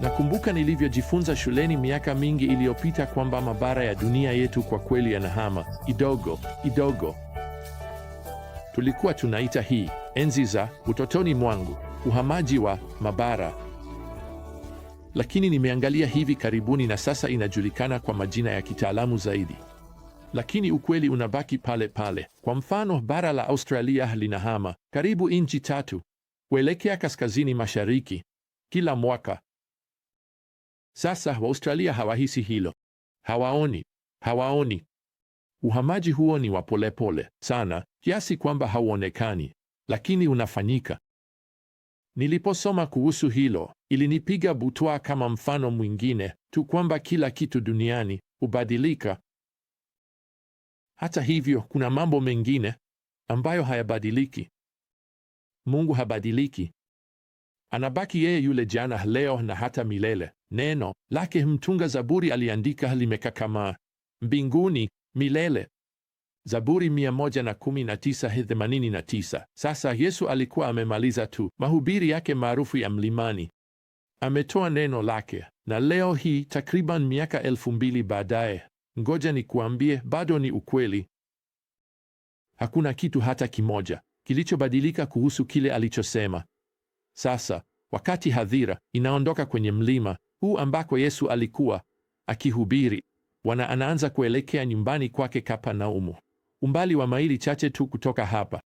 Nakumbuka nilivyojifunza shuleni miaka mingi iliyopita kwamba mabara ya dunia yetu kwa kweli yanahama idogo idogo. Tulikuwa tunaita hii enzi za utotoni mwangu uhamaji wa mabara, lakini nimeangalia hivi karibuni na sasa inajulikana kwa majina ya kitaalamu zaidi, lakini ukweli unabaki pale pale. Kwa mfano, bara la Australia linahama karibu inchi tatu kuelekea kaskazini mashariki kila mwaka. Sasa Waustralia hawahisi hilo, hawaoni, hawaoni. Uhamaji huo ni wa polepole sana kiasi kwamba hauonekani, lakini unafanyika. Niliposoma kuhusu hilo, ilinipiga butwa kama mfano mwingine tu kwamba kila kitu duniani hubadilika. Hata hivyo, kuna mambo mengine ambayo hayabadiliki. Mungu habadiliki. Anabaki yeye yule jana, leo na hata milele. Neno lake mtunga zaburi aliandika limekakamaa mbinguni milele. Zaburi 119:89. Sasa Yesu alikuwa amemaliza tu mahubiri yake maarufu ya mlimani, ametoa neno lake, na leo hii takriban miaka elfu mbili baadaye, ngoja nikuambie, bado ni ukweli. Hakuna kitu hata kimoja kilichobadilika kuhusu kile alichosema. Sasa wakati hadhira inaondoka kwenye mlima huu ambako Yesu alikuwa akihubiri. Wana anaanza kuelekea nyumbani kwake Kapanaumu, umbali wa maili chache tu kutoka hapa,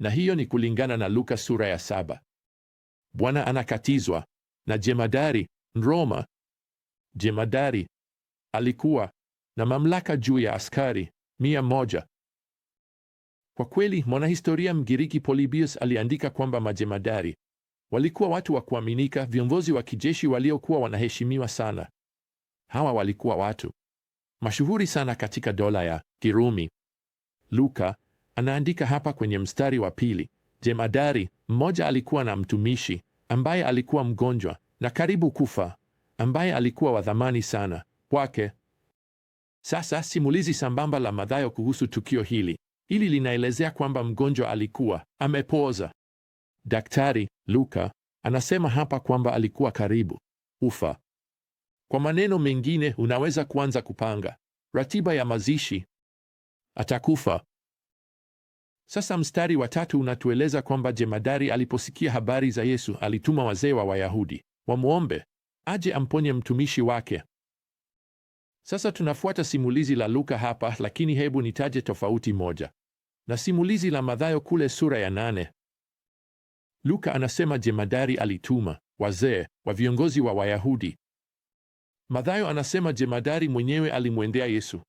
na hiyo ni kulingana na Luka sura ya saba. Bwana anakatizwa na jemadari Roma. Jemadari alikuwa na mamlaka juu ya askari mia moja. Kwa kweli, mwanahistoria Mgiriki Polybius aliandika kwamba majemadari Walikuwa watu wa kuaminika, viongozi wa kijeshi waliokuwa wanaheshimiwa sana. Hawa walikuwa watu mashuhuri sana katika dola ya Kirumi. Luka anaandika hapa kwenye mstari wa pili, jemadari mmoja alikuwa na mtumishi ambaye alikuwa mgonjwa na karibu kufa, ambaye alikuwa wa thamani sana kwake. Sasa simulizi sambamba la Mathayo kuhusu tukio hili hili linaelezea kwamba mgonjwa alikuwa amepooza Daktari Luka anasema hapa kwamba alikuwa karibu ufa. Kwa maneno mengine, unaweza kuanza kupanga ratiba ya mazishi. Atakufa. Sasa mstari wa tatu unatueleza kwamba jemadari aliposikia habari za Yesu alituma wazee wa Wayahudi wamwombe aje amponye mtumishi wake. Sasa tunafuata simulizi la Luka hapa, lakini hebu nitaje tofauti moja na simulizi la Mathayo kule sura ya nane. Luka anasema jemadari alituma wazee wa viongozi wa Wayahudi. Mathayo anasema jemadari mwenyewe alimwendea Yesu.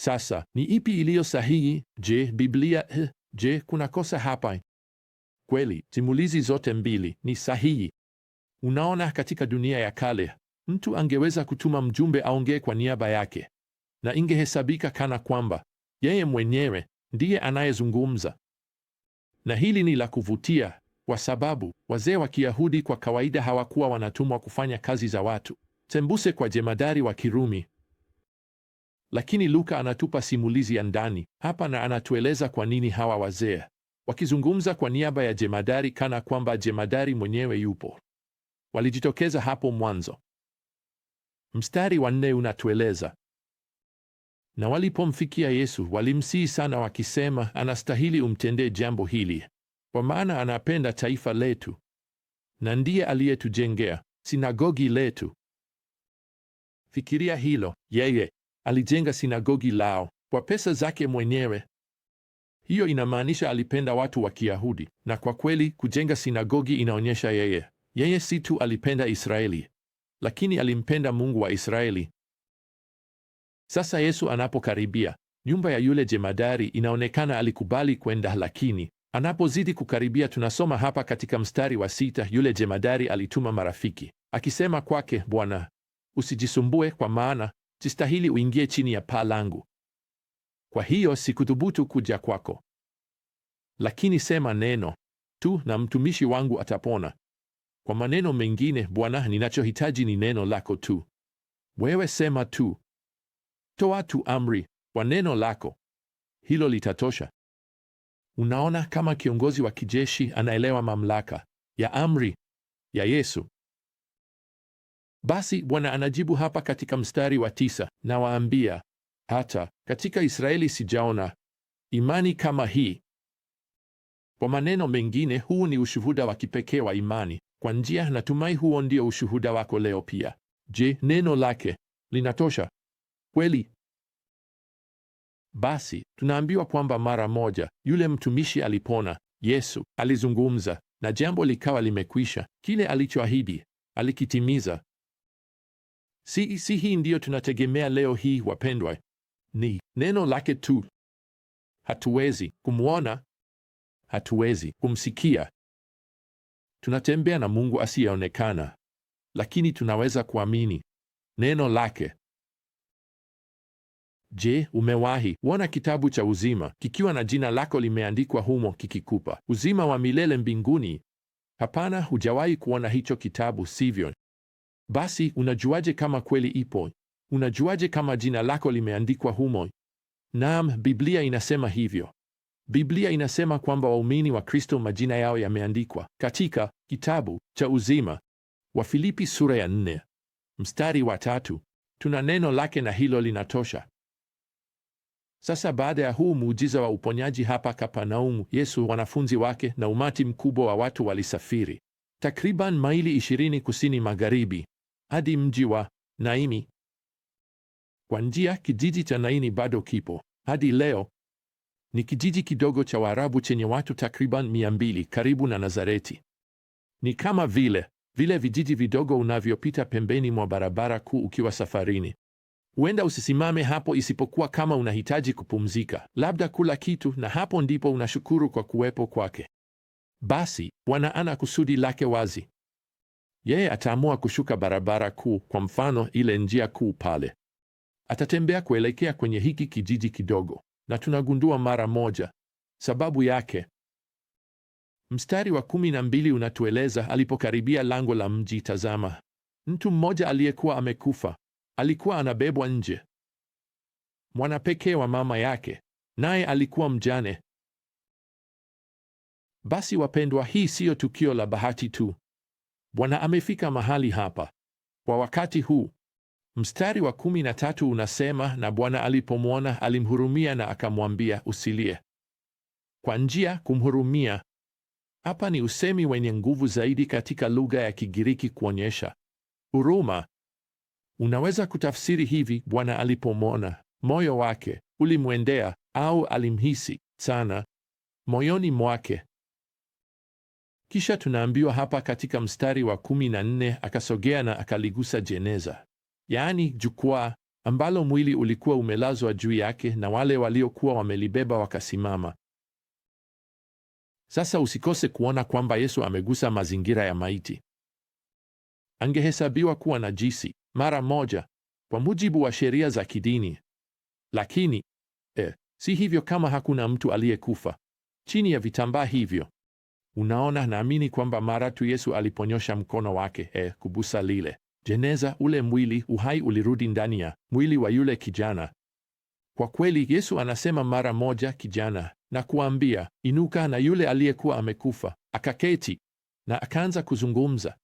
Sasa ni ipi iliyo sahihi? Je, Biblia? Eh, je, kuna kosa hapa? Kweli, simulizi zote mbili ni sahihi. Unaona, katika dunia ya kale mtu angeweza kutuma mjumbe aongee kwa niaba yake na ingehesabika kana kwamba yeye mwenyewe ndiye anayezungumza. Na hili ni la kuvutia kwa sababu wazee wa Kiyahudi kwa kawaida hawakuwa wanatumwa kufanya kazi za watu tembuse kwa jemadari wa Kirumi. Lakini Luka anatupa simulizi ya ndani hapa, na anatueleza kwa nini hawa wazee wakizungumza kwa niaba ya jemadari kana kwamba jemadari mwenyewe yupo walijitokeza hapo mwanzo. Mstari wa nne unatueleza na walipomfikia Yesu walimsihi sana wakisema, anastahili umtendee jambo hili, kwa maana anapenda taifa letu na ndiye aliyetujengea sinagogi letu. Fikiria hilo, yeye alijenga sinagogi lao kwa pesa zake mwenyewe. Hiyo inamaanisha alipenda watu wa Kiyahudi, na kwa kweli kujenga sinagogi inaonyesha yeye yeye si tu alipenda Israeli, lakini alimpenda Mungu wa Israeli. Sasa Yesu anapokaribia nyumba ya yule jemadari, inaonekana alikubali kwenda, lakini anapozidi kukaribia, tunasoma hapa katika mstari wa sita, yule jemadari alituma marafiki akisema kwake, Bwana, usijisumbue kwa maana sistahili uingie chini ya paa langu, kwa hiyo sikuthubutu kuja kwako, lakini sema neno tu na mtumishi wangu atapona. Kwa maneno mengine, Bwana, ninachohitaji ni neno lako tu, wewe sema tu Toa tu amri kwa neno lako, hilo litatosha. Unaona, kama kiongozi wa kijeshi anaelewa mamlaka ya amri ya Yesu. Basi Bwana anajibu hapa katika mstari wa tisa, nawaambia hata katika Israeli sijaona imani kama hii. Kwa maneno mengine, huu ni ushuhuda wa kipekee wa imani kwa njia. Natumai huo ndio ushuhuda wako leo pia. Je, neno lake linatosha? kweli? Basi tunaambiwa kwamba mara moja yule mtumishi alipona. Yesu alizungumza na jambo likawa limekwisha. Kile alichoahidi alikitimiza. Si, si hii ndiyo tunategemea leo hii wapendwa? Ni neno lake tu. Hatuwezi kumwona, hatuwezi kumsikia. Tunatembea na Mungu asiyeonekana, lakini tunaweza kuamini neno lake. Je, umewahi uona kitabu cha uzima kikiwa na jina lako limeandikwa humo kikikupa uzima wa milele mbinguni? Hapana, hujawahi kuona hicho kitabu, sivyo? Basi unajuaje kama kweli ipo? Unajuaje kama jina lako limeandikwa humo? Naam, Biblia inasema hivyo. Biblia inasema kwamba waumini wa Kristo majina yao yameandikwa katika kitabu cha uzima. Wafilipi sura ya nne mstari wa tatu. Tuna neno lake na hilo linatosha. Sasa baada ya huu muujiza wa uponyaji hapa kapanaumu Yesu, wanafunzi wake na umati mkubwa wa watu walisafiri takriban maili 20 kusini magharibi hadi mji wa Naini. Kwa njia, kijiji cha Naini bado kipo hadi leo. Ni kijiji kidogo cha Waarabu chenye watu takriban 20 karibu na Nazareti. Ni kama vile vile vijiji vidogo unavyopita pembeni mwa barabara kuu ukiwa safarini Huenda usisimame hapo isipokuwa kama unahitaji kupumzika, labda kula kitu, na hapo ndipo unashukuru kwa kuwepo kwake. Basi Bwana ana kusudi lake wazi. Yeye ataamua kushuka barabara kuu, kwa mfano ile njia kuu pale. Atatembea kuelekea kwenye hiki kijiji kidogo, na tunagundua mara moja sababu yake. Mstari wa kumi na mbili unatueleza alipokaribia lango la mji, tazama, mtu mmoja aliyekuwa amekufa alikuwa anabebwa nje, mwana pekee wa mama yake, naye alikuwa mjane. Basi wapendwa, hii siyo tukio la bahati tu. Bwana amefika mahali hapa kwa wakati huu. Mstari wa kumi na tatu unasema, na Bwana alipomwona alimhurumia na akamwambia, usilie. Kwa njia kumhurumia hapa ni usemi wenye nguvu zaidi katika lugha ya Kigiriki kuonyesha huruma. Unaweza kutafsiri hivi: Bwana alipomwona, moyo wake ulimwendea, au alimhisi sana moyoni mwake. Kisha tunaambiwa hapa katika mstari wa kumi na nne akasogea na akaligusa jeneza, yaani jukwaa ambalo mwili ulikuwa umelazwa juu yake, na wale waliokuwa wamelibeba wakasimama. Sasa usikose kuona kwamba Yesu amegusa mazingira ya maiti, angehesabiwa kuwa najisi mara moja kwa mujibu wa sheria za kidini. Lakini eh, si hivyo kama hakuna mtu aliyekufa chini ya vitambaa hivyo. Unaona, naamini kwamba mara tu Yesu aliponyosha mkono wake eh, kubusa lile jeneza, ule mwili, uhai ulirudi ndani ya mwili wa yule kijana. Kwa kweli, Yesu anasema mara moja kijana na kuambia inuka, na yule aliyekuwa amekufa akaketi na akaanza kuzungumza.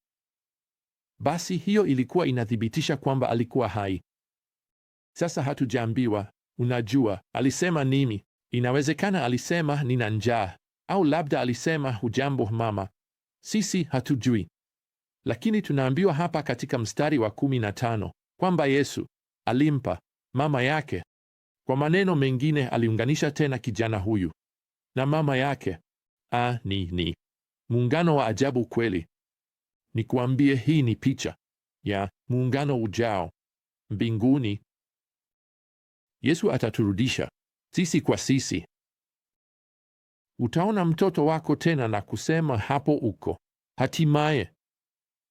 Basi hiyo ilikuwa inathibitisha kwamba alikuwa hai. Sasa hatujaambiwa, unajua, alisema nini? Inawezekana alisema nina njaa, au labda alisema hujambo mama. Sisi hatujui, lakini tunaambiwa hapa katika mstari wa kumi na tano kwamba Yesu alimpa mama yake. Kwa maneno mengine, aliunganisha tena kijana huyu na mama yake. Ah, ni ni muungano wa ajabu kweli. Nikuambie, hii ni picha ya muungano ujao mbinguni. Yesu ataturudisha sisi kwa sisi. Utaona mtoto wako tena na kusema, hapo uko, hatimaye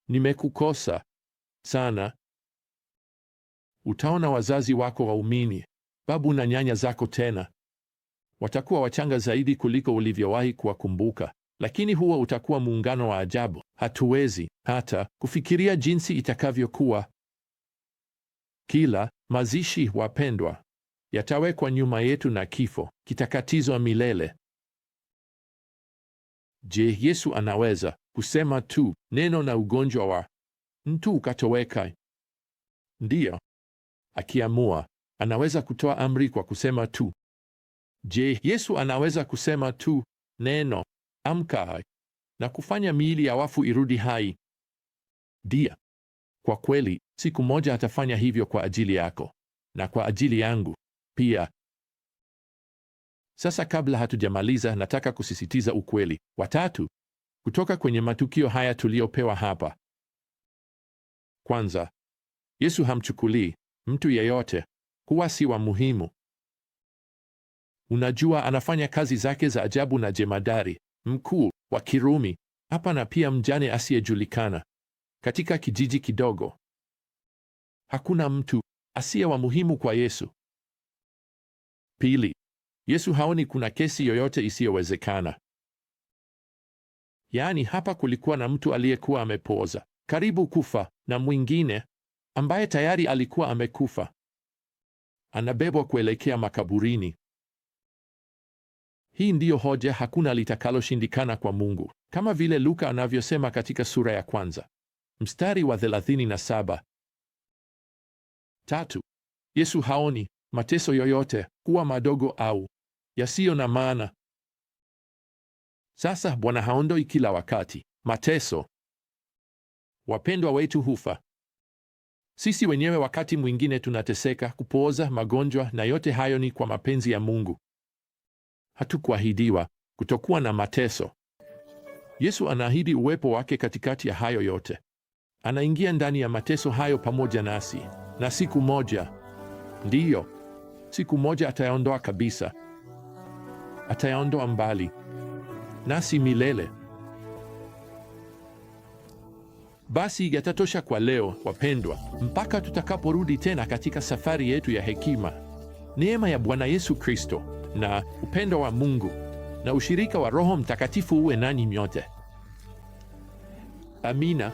nimekukosa sana. Utaona wazazi wako waumini, babu na nyanya zako tena. Watakuwa wachanga zaidi kuliko ulivyowahi kuwakumbuka. Lakini huo utakuwa muungano wa ajabu, hatuwezi hata kufikiria jinsi itakavyokuwa. Kila mazishi, wapendwa, yatawekwa nyuma yetu na kifo kitakatizwa milele. Je, Yesu anaweza kusema tu neno na ugonjwa wa mtu ukatoweka? Ndiyo, akiamua anaweza kutoa amri kwa kusema tu. Je, Yesu anaweza kusema tu neno amka na kufanya miili ya wafu irudi hai. Dia, kwa kweli siku moja atafanya hivyo kwa ajili yako na kwa ajili yangu pia. Sasa, kabla hatujamaliza, nataka kusisitiza ukweli watatu kutoka kwenye matukio haya tuliyopewa hapa. Kwanza, Yesu hamchukulii mtu yeyote kuwa si wa muhimu. Unajua, anafanya kazi zake za ajabu na jemadari mkuu wa Kirumi hapa na pia mjane asiyejulikana katika kijiji kidogo. Hakuna mtu asiye wa muhimu kwa Yesu. Pili, Yesu haoni kuna kesi yoyote isiyowezekana. Yaani, hapa kulikuwa na mtu aliyekuwa amepooza karibu kufa na mwingine ambaye tayari alikuwa amekufa, anabebwa kuelekea makaburini. Hii ndiyo hoja, hakuna litakaloshindikana kwa Mungu, kama vile Luka anavyosema katika sura ya kwanza mstari wa 37. Tatu, Yesu haoni mateso yoyote kuwa madogo au yasiyo na maana. Sasa Bwana haondoi kila wakati mateso. Wapendwa wetu hufa, sisi wenyewe wakati mwingine tunateseka, kupooza, magonjwa, na yote hayo ni kwa mapenzi ya Mungu hatukuahidiwa kutokuwa na mateso. Yesu anaahidi uwepo wake katikati ya hayo yote. Anaingia ndani ya mateso hayo pamoja nasi, na siku moja, ndiyo, siku moja atayaondoa kabisa, atayaondoa mbali nasi milele. Basi yatatosha kwa leo, wapendwa, mpaka tutakaporudi tena katika safari yetu ya hekima. Neema ya Bwana Yesu Kristo na upendo wa Mungu na ushirika wa Roho Mtakatifu uwe nani nyote. Amina.